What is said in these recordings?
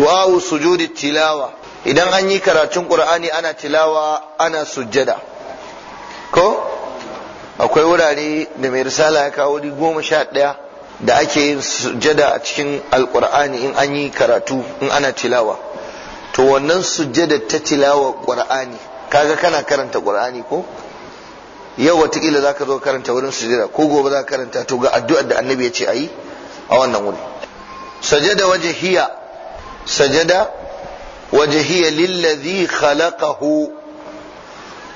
du'a'u sujudi tilawa idan an yi karatun qur'ani ana tilawa ana sujjada ko akwai wurare da mai risala ya kawo wuri goma sha ɗaya da ake yin sujjada a cikin alqur'ani in an yi karatu in ana tilawa to wannan sujjada ta tilawa qur'ani kaga kana karanta qur'ani ko yau watakila za ka zo karanta wurin sujada ko gobe za ka karanta to ga addu'ar da annabi ya ce a yi a wannan wuri sajada waje hiya sajada wajhiya lillazi khalaqahu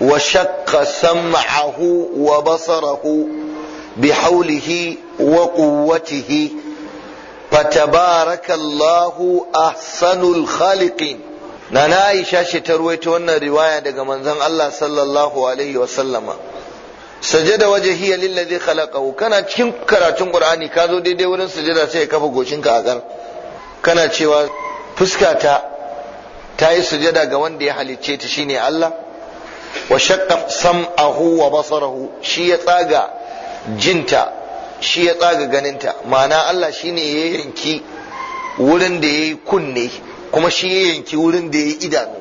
wa shaqqa sam'ahu wa basarahu bihawlihi wa quwwatihi fatabarakallahu ahsanul khaliqin nana Aisha ce ta ruwaito wannan riwaya daga manzon Allah sallallahu alaihi wa sallama sajada wajhiya lillazi khalaqahu kana cikin karatun qur'ani ka zo daidai wurin sujada sai ka kafa goshinka a kar kana cewa fuskata ta yi sujada ga wanda ya halicce ta shine Allah wa shaqqa sam'ahu wa basarahu shi ya tsaga jinta shi ya tsaga ganinta ma'ana Allah shine ya yanki wurin da ya yi kunne kuma shi ya yanki wurin da ya yi idanu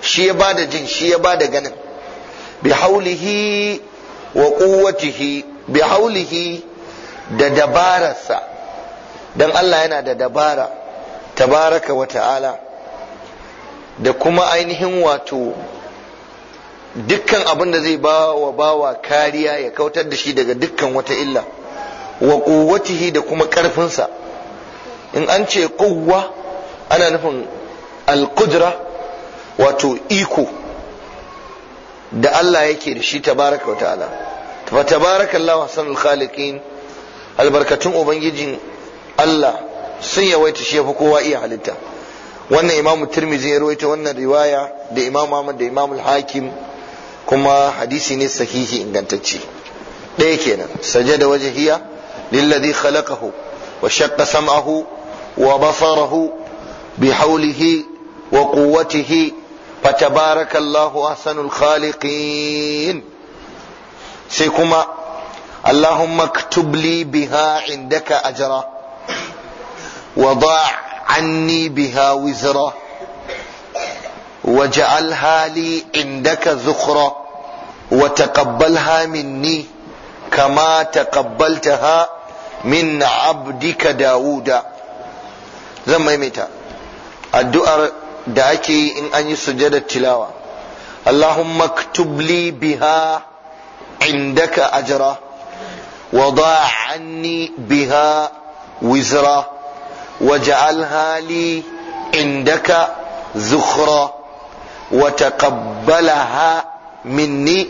shi ya bada jin shi ya bada ganin bi haulihi wa quwwatihi bi haulihi da dabararsa dan Allah yana da dabara tabaraka wa ta'ala da kuma ainihin wato dukkan abin da zai ba bawa kariya ya kautar da shi daga dukkan wata illa wa kuwatihi da kuma ƙarfinsa in an ce kuwa ana nufin alkudra wato iko da Allah yake da shi tabaraka wa ta'ala fa tabarakallahu hasanul khaliqin albarkatun ubangijin Allah sun yawaita shi yafi kowa iya halitta wannan imamu tirmizi ya rawaita wannan riwaya da imamu ahmad da imamu hakim kuma hadisi ne sahihi ingantacce ɗaya kenan sajada wajhiya lillazi khalaqahu wa shaqqa sam'ahu wa basarahu bi hawlihi wa quwwatihi fatabarakallahu ahsanul khaliqin sai kuma allahumma ktub li biha indaka ajra وضاع عني بها وزرا واجعلها لي عندك ذخرا وتقبلها مني كما تقبلتها من عبدك داود zan maimaita addu'ar da ake yi in an yi sujadar tilawa Allahumma maktubli li biha indaka ajra wa biha wizra وجعلها لي عندك ذخرا وتقبلها مني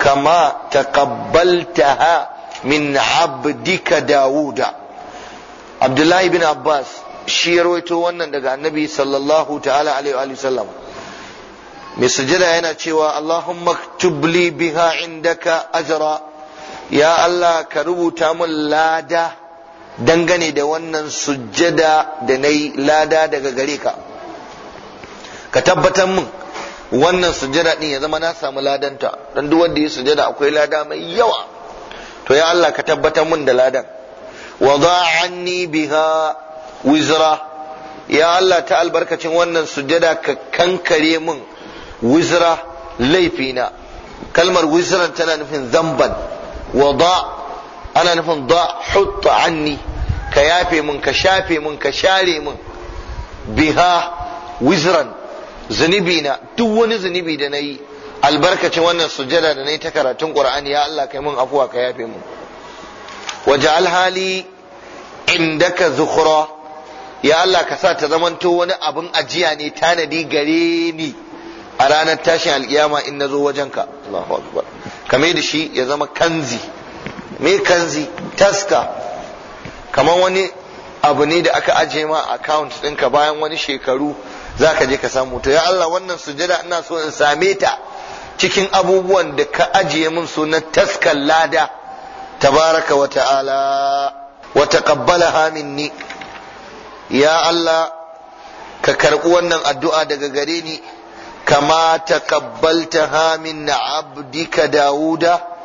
كما تقبلتها من عبدك داود عبد الله بن عباس shi ya rawaito wannan daga annabi sallallahu ta'ala alaihi wa sallam mai sujada yana cewa Allahumma maktub li biha indaka ajra ya Allah ka rubuta mun lada dangane da wannan sujjada da na yi lada daga gare ka ka tabbatar mun wannan sujjada din ya zama na samu ladanta don duk wanda ya sujjada akwai lada mai yawa to ya Allah ka tabbatar mun da ladan wa anni biha wizra ya Allah ta albarkacin wannan sujjada ka kankare mun wizra laifina kalmar wizran tana nufin zamban wada ana nufin da hutta anni ka yafe mun ka shafe mun ka share mun biha wizran zunubi na duk wani zunubi da na yi albarkacin wannan sujada da na yi ta karatun qur'ani ya Allah kai mun afuwa ka yafe mun alhali inda ka zukhra ya Allah ka sa ta zamanto wani abin ajiya ne tanadi gare ni a ranar tashin alkiyama in nazo wajenka Allahu akbar kame da shi ya zama kanzi me kanzi taska kamar wani abu ne da aka mu ma account ɗinka bayan wani shekaru za ka je ka samu to ya Allah wannan sujada ina so in same ta cikin abubuwan da ka ajiye min na taskar lada tabaraka wa ta'ala wa taqabbalaha minni ya Allah ka karɓi wannan addu'a daga gare ni kama ha min abdika dauda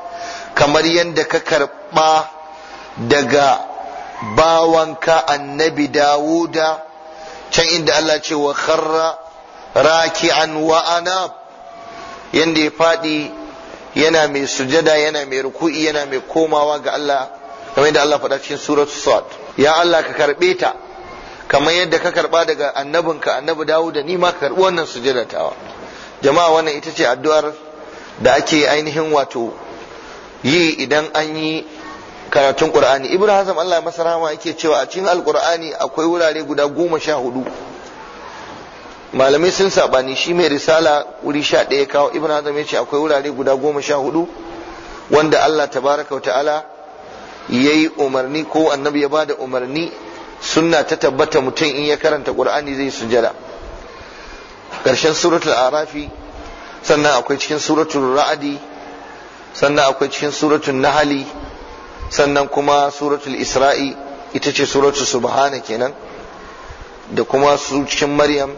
kamar yadda ka karɓa daga bawanka annabi dawuda can inda Allah ce wa kharra raki'an wa anab yadda ya faɗi yana mai sujada yana mai ruku'i yana mai komawa ga Allah kamar yadda Allah faɗa cikin suratul sad ya Allah ka karɓe ta kamar yadda ka karɓa daga annabinka annabi dawuda ni ma ka karɓi wannan sujada tawa jama'a wannan ita ce addu'ar da ake ainihin wato yi idan an yi karatun ƙurani Ibrahim hazm Allah ya masa rama yake cewa a cikin alqur'ani akwai wurare guda goma sha hudu malamai sun saɓani shi mai risala wuri sha ɗaya kawo Ibrahim ya ce akwai wurare guda goma sha hudu wanda Allah tabaraka wa ta'ala ya yi umarni ko annabi ya bada umarni sunna ta tabbata mutum in ya karanta Kur'ani zai sujada ƙarshen suratul arafi sannan akwai cikin suratul ra'adi sannan akwai cikin suratul nahali sannan kuma suratul isra'i ita ce suratul subhana kenan da kuma su cikin maryam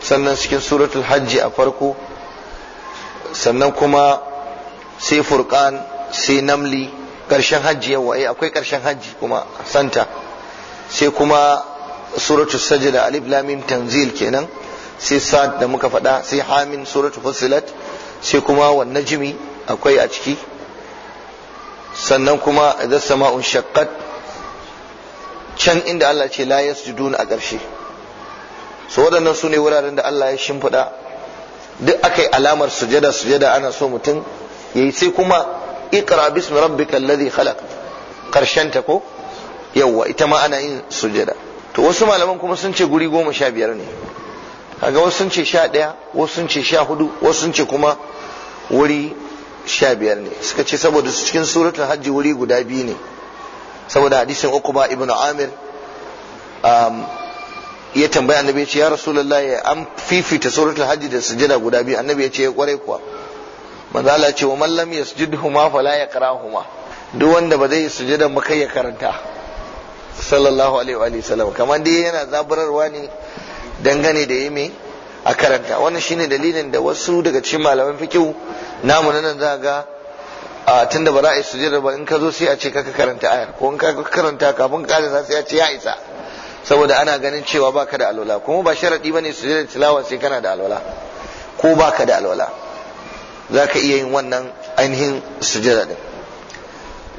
sannan cikin suratul hajji a farko sannan kuma sai furkan sai namli karshen hajji yawa eh akwai karshen hajji kuma santa sai kuma suratul sajda alif lamim tanzil kenan sai Sa'ad da muka faɗa sai hamin suratul Fusilat sai kuma wan najmi akwai a ciki sannan kuma idan sama'un shakkat can inda Allah ce la yasjudun a ƙarshe so waɗannan su ne wuraren da Allah ya shimfiɗa duk akai alamar sujada sujada ana so mutum yayi sai kuma iqra bismi rabbikal ladhi khalaq ƙarshen ta ko yawwa ita ma ana yin sujada to wasu malaman kuma sun ce guri goma sha biyar ne kaga wasu sun ce sha ɗaya wasu sun ce sha hudu wasu sun ce kuma wuri sha biyar ne suka ce saboda su cikin suratul hajji wuri guda biyu ne saboda hadisin uku ba ibnu amir um, ya tambaya annabi ya ce ya rasulullah ya an fifita suratul hajji da sujada guda biyu annabi ya ce ya eh, kware kuwa manzo Allah ce wa man lam yasjudhuma fala yaqrahuma duk wanda ba zai sujada ba kai ya karanta sallallahu alaihi wa sallam kamar dai yana zabararwa ne dangane da yimi a karanta wannan shine dalilin da wasu daga cikin malaman fikihu namu nan za ga a tunda ba za a yi sujjada ba in ka zo sai a ce ka karanta ayar ko in ka karanta kafin ka sai a ce ya isa saboda ana ganin cewa baka da alwala kuma ba sharadi bane sujjada tilawa sai kana da alwala ko baka da alwala zaka iya yin wannan ainihin sujada din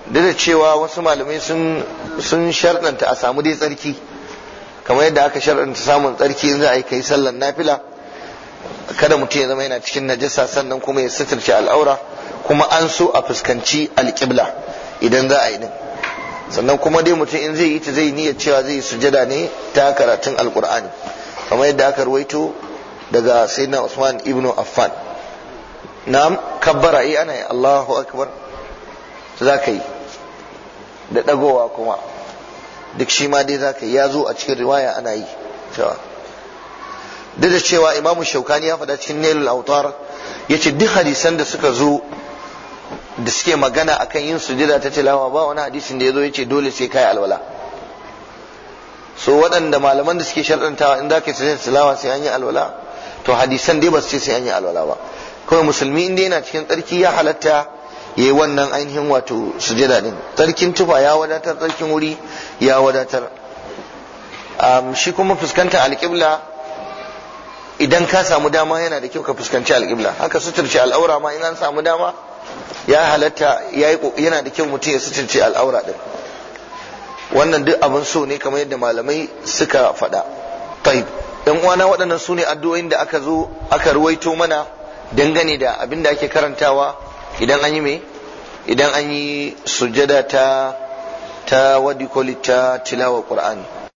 duk da cewa wasu malamai sun sun sharɗanta a samu dai tsarki kamar yadda aka sharɗanta samun tsarki in za a yi kai sallar nafila kada mutum ya zama yana cikin najasa sannan kuma ya suturce al'aura kuma an so a fuskanci alƙibla idan za a yi din sannan kuma dai mutum in zai yi ta zai niyyar cewa zai sujada ne ta karatun alƙur'ani kamar yadda aka ruwaito daga sayyidina usman ibn affan na'am kabbara yi eh, ana yi allahu akbar za ka yi da ɗagowa kuma duk shi ma dai za ka yi ya zo a cikin riwaya ana yi cewa duk da cewa imamu shaukani ya faɗa cikin nailul autar ya ce duk hadisan da suka zo da suke magana akan yin sujada ta tilawa ba wani hadisin da ya zo ya ce dole sai kai alwala so waɗanda malaman da suke sharɗantawa in za ka yi tilawa sai an yi alwala to hadisan dai ba su ce sai an yi alwala ba kawai musulmi inda yana cikin tsarki ya halatta ya yi wannan ainihin wato sujada din tsarkin tufa ya wadatar tsarkin wuri ya wadatar shi kuma fuskantar alƙibla idan ka samu dama yana da kyau ka fuskanci alƙibla haka suturce al'aura ma in an samu dama ya halatta yana da kyau mutum ya suturci al'aura din wannan duk abin so ne kamar yadda malamai suka faɗa taib ɗan uwana waɗannan su ne addu'o'in da aka zo aka ruwaito mana dangane da abin da ake karantawa idan an yi me idan an yi sujada ta ta wadi ta tilawa qur'ani